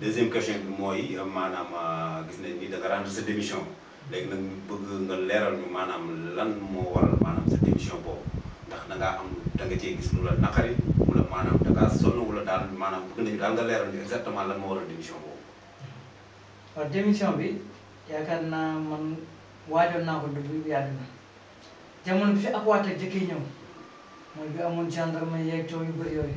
deuxième question bi mooy euh, maanaam euh, gis nañ ni da nga rendre sa démission léegi nag ñu bëgg nga leeral ñu maanaam lan moo waral maanaam sa démission boobu ndax da ngaa am da nga gis lu la naqari wala maanaam da ngaa sonn wala daal maanaam bëgg nañu daal nga leeral ñu exactement lan moo waral démission boobu. waaw bi yaakaar naa man waajoon naa ko dugg yàgg na jamono bi fi ak waat ak jëkkee ñëw mooy bi amoon gendarme yeeg coow yu bëri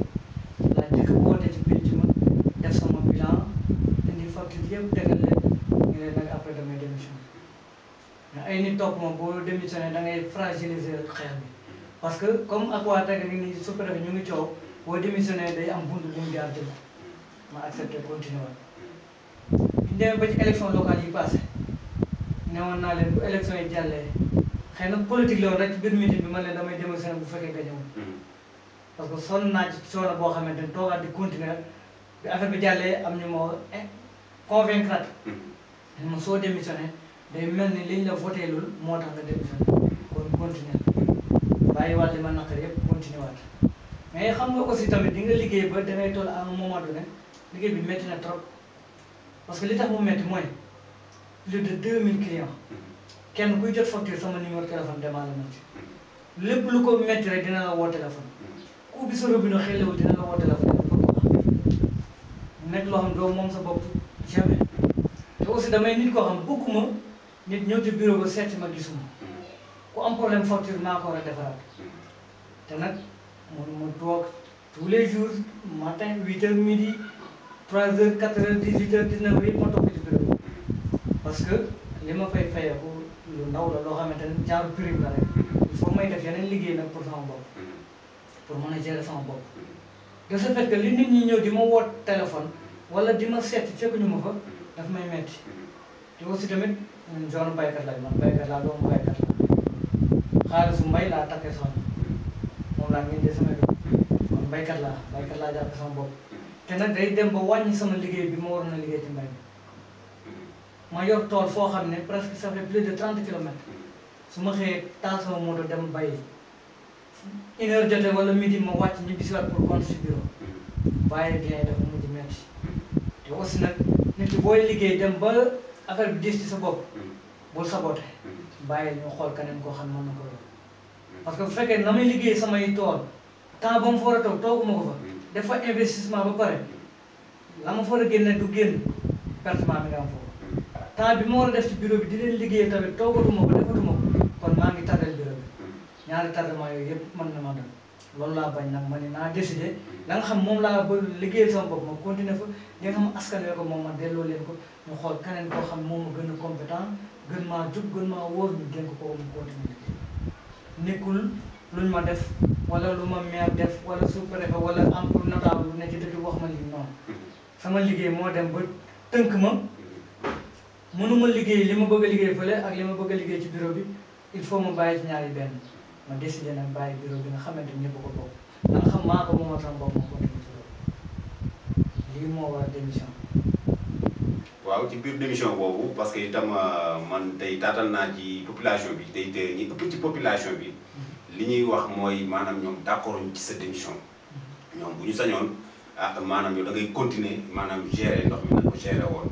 jéem tegal leen ñu ne nag après damay démission mais ay nit topp ma boo démissionné da ngay fragiliser bi parce que comme ak ni nii su ko defee ñu ngi coow boo démissionné day am bunt bu mu jaar jël ma accepté continuer waat. ñu demee ba ci élection locale yi passé newoon naa leen bu élection yi jàllee na politique la woon rek ci biir leen damay démissionné bu fekkee gañewul hmm. parce que sonn naa ci coono boo xamante ni toogaat di continuer am ñu ma convaincre mo so démissionné day mel ni liñ la voté lul moo tax nga démissionné kon continuer bàyyi wàll li ma naqar yëpp continuer mais xam nga aussi tamit di nga liggéey ba da ngay toll à un moment donné liggéey bi métti na trop parce que li tax mu métti mooy plus de 2000 clients kenn kuy jot facture sama numéro téléphone demaa la man ci lépp lu ko métti rek dina la woo téléphone ku ubbi sa robinet xëy na dina la woo téléphone nekk loo xam doo moom sa bopp ceewɗe te aussi dama nit koo xam bëgguma nit ñëw ci bureau ba seet si ma gisuma ku am problème facture maa ko war a defaraat te nag mënu ma tous les jours matin huit heures midi trois heures quatre heures dix heures dix neuf heures yëpp ma toog ci bureau parce que li ma fay fayeeku lu ndaw la loo xamante ne jaar prime la rek il faut may def yeneen liggéey nag pour sama bopp pour mën a gérer sama bopp de ce fait que li nit ñi ñëw di ma woo téléphone wala di ma seet fekkuñu ma fa daf may metti te mm-hmm. aussi tamit mm, zone baykat laa man baykat laa doomu baykat la xaalisu mbay laa takkee soxna mm-hmm. moom laa ngeen dee man baykat laa baykat laa jàppe sama bopp mm-hmm. te nag day dem ba wàññi sama liggéey bi ma waroon na liggéey ci mbay ma yor tool foo xam ne presque ça fait plus de trente kilomètres su ma xëyee taal sama moto dem bayi une heure jotee wala midi ma wàcc ñu bisiwaat pour compte si bureau bàyyi bien dafa mujj metti ba aussi nag nit booy liggéey dem ba affaire bi diis ci sa bopp mm. bul saboté mm. bàyyi ñu xool keneen ko xam ne na ko yor mm. parce que bu fekkee na may liggéey samay tool temps ba mu fa war a toog tooguma ko fa def fa investissement ba pare la bi ma war a def ci bureau bi di leen liggéey tamit toogatuma ko defatuma ko kon maa ngi tardel bureau bi ñaari tardement yooyu yëpp mën na ma dal loolu laa bañ nag ma ne naa décidé la xam moom laa bëgg liggéey sama bopp ma continuer fa li nga xam askan ko moom ma delloo ko ñu xool keneen koo xam moom gën a compétent gën maa jub gën maa wóor ñu dénk ko mu continuer nekkul luñ ma def wala lu ma maire def wala sous-préfet wala encore notable bu ne ci dëkk wax ma lii noonu sama liggéey moo dem ba tënk ma mënuma liggéey li ma bëgg a liggéey fële ak li ma bëgg a liggéey ci bureau bi il faut ma bàyyi ci ñaari benn ma décidé nag bàyyi bureau bi nga xamante ni ñëpp ko bokk na nga xam maa ko moom ak sama bopp ma continué ci loolu lii moo war démission waaw ci biir démission boobu parce que itam euh, man tey taatal naa ci population bi tey tey ñi ëpp ci population bi mm-hmm. li ñuy wax mooy maanaam ñoom d'accord ñu ci sa démission mm-hmm. ñoom bu ñu sañoon ah maanaam yow da ngay continuer maanaam gérer ndox mi na ko gérer woon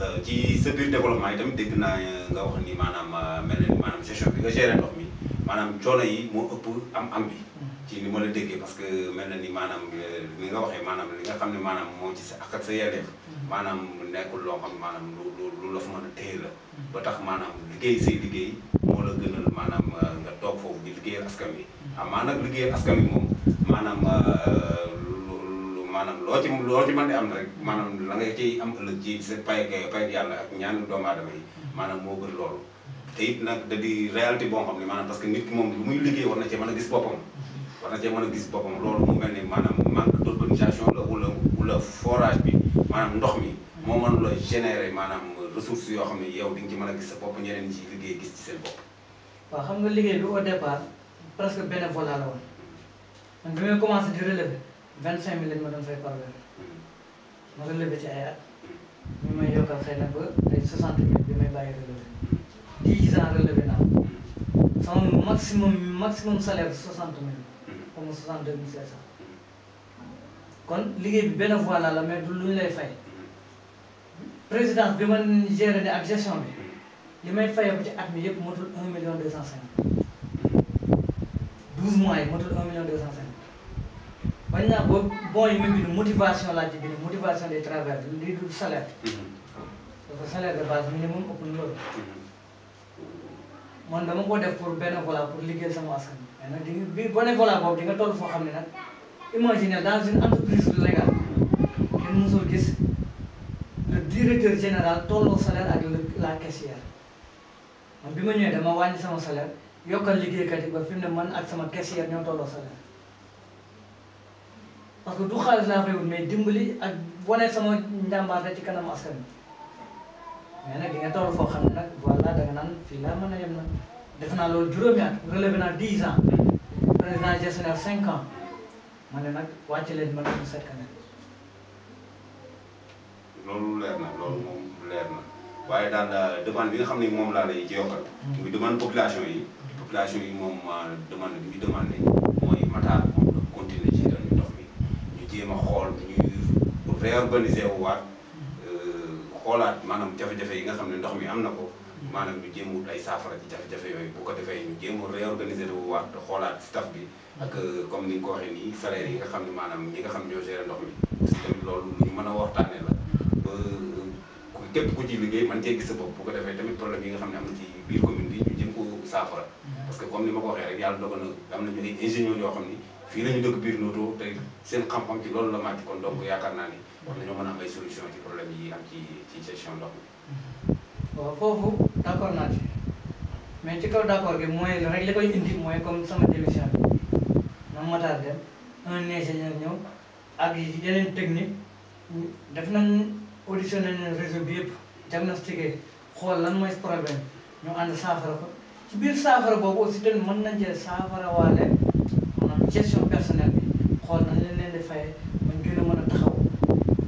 euh, ci sa biir développement yi tamit dégg naa nga wax ni maanaam euh, mel na ni maanaam gestion bi nga gérer ndox mi manam coono yi moo ëpp am-am bi ci ni mo la déggee parce que mel na ni maanaam li nga waxee maanaam li nga xam ne maanaam ci sa ak sa yelleef manam nekkul loo xam maanaam lu lu la fa mën a téye la ba tax manam liggéey say liggéey moo la gënal maanaam euh, nga toog foofu di liggéeyal askan wi amaa nag liggéeyal askan wi moom maanaam euh, maanaam loo ci loo ci mën di am rek manam la nga ciy am ëllëg ci sa pay pay yàlla ak ñaanu doomu aadama manam mo moo gën loolu te it nag da di boo xam ne maanaam parce que nit ki moom lu muy liggéey war na cee mën a gis boppam. war na cee mën a gis boppam loolu mu mel ni maanaam manque d'organisation la wala wala forage bi maanaam ndox mi moo man la générer maanaam ressources yoo xam ne yow di nga ci mën a gis sa bopp ñeneen ci liggéey gis ci seen bopp. waaw xam nga liggéey lu au départ presque bénévolat la woon man bi may commencé di relever vingt cinq mille lañ ma doon hmm. at ñu dix ans relevé naa sama maximum maximum salaire soixante mille comme soixante de mille cinq cent kon liggéey bi benn voie la mais du lu ñu lay fay présidence bi ma géré ne ak gestion bi li may fayeeku ci at mi yëpp motul un million deux cent cinq douze mois yi motul un million deux cent cinq bañ naa ba bon yi ma bind motivation laa ci bind motivation des travailleurs li dul salaire parce que salaire de base minimum ëpp na loolu man dama ko def pour bénévolat pour liggéeyal sama askan mais nag di bi bénévolat boobu di nga toll foo xam ne nag imagine dans une entreprise légale kenn mësul gis le directeur général tolloo man bi ma ñëwee dama wàññi sama salaire yokkal liggéey yi ba fi mu ne man ak sama caissière ñoo tolloo salaire parce que du xaalis laa fay wut mais dimbali ak wane sama njàmbaar ci kanam askan bi mais nag di nga toll foo xam ne nag voilà da nga naan fii laa mën a yem nag def naa loolu juróomi at relevé naa dix ans président gestionnaire cinq ans ne nag wàcc leen ma ne sept ans. loolu leer na loolu moom leer na waaye daal demande bi nga xam ne moom laa lay yokkal. Hmm. muy demande population yi. Hmm. population yi moom ah, demande bi ñu demandé mooy Matar moom continuer ci dañu dox ñu jéem a xool ñu réorganiser wu xoolaat maanaam jafe-jafe yi nga xam ne ndox mi am na ko maanaam ñu jéem wut ay saafara ci jafe-jafe yooyu bu ko defee ñu jéem a réorganiser wu waat xoolaat staff bi euh, comme ni nga ko waxee nii salaire yi nga xam ne maanaam ñi nga xam ñoo gérer ndox mi loolu lu ñu mën a waxtaanee la ba képp ku ci liggéey man cee gis sa bu ko defee tamit problème yi nga xam ne am na ci biir commune bi ñu jéem ko saafara mm-hmm. parce que comme ni ma ko waxee rek yàlla dogal na am na ñu ay ingénieur yoo xam ni fi nañu dëgg biir noto tey seen xam-xam ci loolu la màcc kon donc yaakaar naa ni war nañu mën a am ay solution ci problème yi am ci ci gestion ndox mi. waaw foofu d' accord naa ci mais ci kaw d' accord gi mooy rek li koy indi mooy comme sama démission bi na Matar dem un ingénieur ñëw ak yeneen technique def nañ auditionné nañ réseau bi yëpp diagnostiqué xool lan mooy problème ñu ànd saafara ko ci biir saafara boobu aussi tamit mën nañ cee saafara waale. gestion personnel bi xool nan lañ leen di fayee bañ gën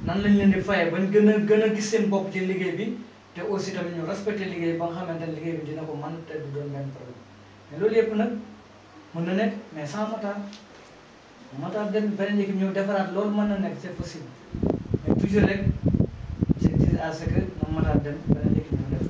lañ leen di fayee bañ gën a gën a gis seen bopp ci liggéey bi te aussi tamit ñu respecté liggéey ba nga xamante ne liggéey bi dina ko mën te du doon benn problème mais loolu yëpp nag mën na nekk mais sans motard motard dem beneen équipe ñëw defaraat loolu mën na nekk c'est possible mais toujours rek c'est dire à ce que moom motard dem beneen équipe ñëw def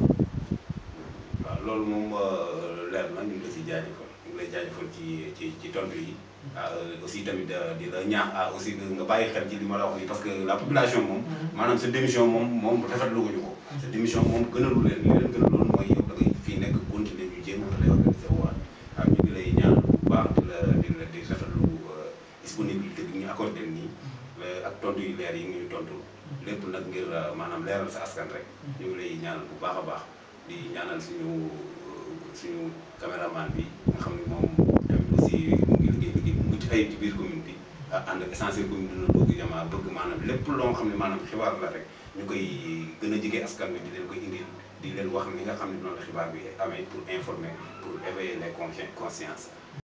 waaw loolu moom euh, leer na ñu ngi ko si jaajëfal ngi lay jaajëfal ci ci ci tontu yi. Ah, euh, aussi tamit euh, di la ñaax a ah, aussi nga bàyyi xel ci li ma la wax parce que la population moom. Mm-hmm. maanaam sa démission moom moom rafetlu ko ñu mm-hmm. ko. sa démission moom gënalu leen li leen gënaloon mooy yow da ngay fii nekk continuer ñu jéem a ah, lay organiser waat la di la di rafetlu euh, mm-hmm. ak tontu yu leer yi nga ñu tontu. lépp nag ngir maanaam leeral sa askan rek. ñu ngi lay ñaanal bu baax a baax di ñaanal suñu suñu. caméraman bi nga xam ne moom tamit aussi mu ngi liggéey liggéey mu ci ayib ci biir commune bi ah, ànd ak essentiel commune dina bëgg jamaa bëgg maanaam lépp loo xam ne maanaam xibaar la rek ñu koy gën a jege askan bi di leen koy indil di leen wax ni nga xam ne noonu la xibaar bi amee pour informer pour éveiller les consciences